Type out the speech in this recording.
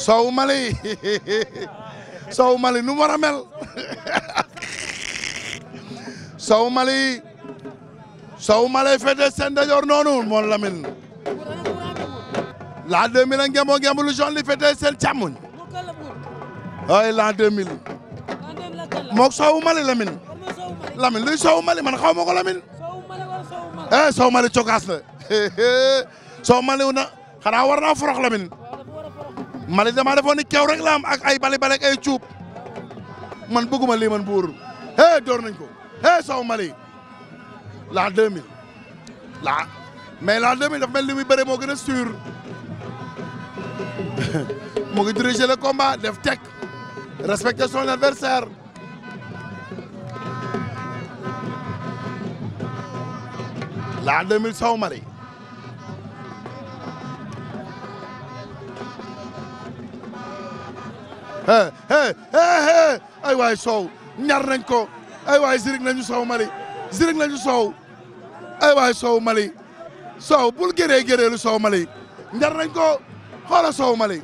soow Mali soow Mali nu mu soow Mali soow Mali féete seen dajoor noonu moom Lamine l'an 2000 a ngemboo ngemb lu jaune li féete seen càmmuñ ay l'an 2000 moog soow Mali Lamine luy soow Mali man xaw ma ko Lamine eh soow Mali cokaas la soow Mali na xanaa war naa forox Mali dama defoon ni kew rek la ak ay bali bali ak ay cuub man bëgguma lii man buur hee door nañ ko hee sow Mali la de la mais la 2000 dafa mel ni mi bëre moo gën a sûr mu ngi le combat def tek respecter son adversaire la 2000 sow Mali ay waay soow ñar nañ ko ay waay zirig nañu soow mali zirig nañu soow ay waay soow mali soow bul géree géreelu soow mali ñar nañ ko xoola soow mali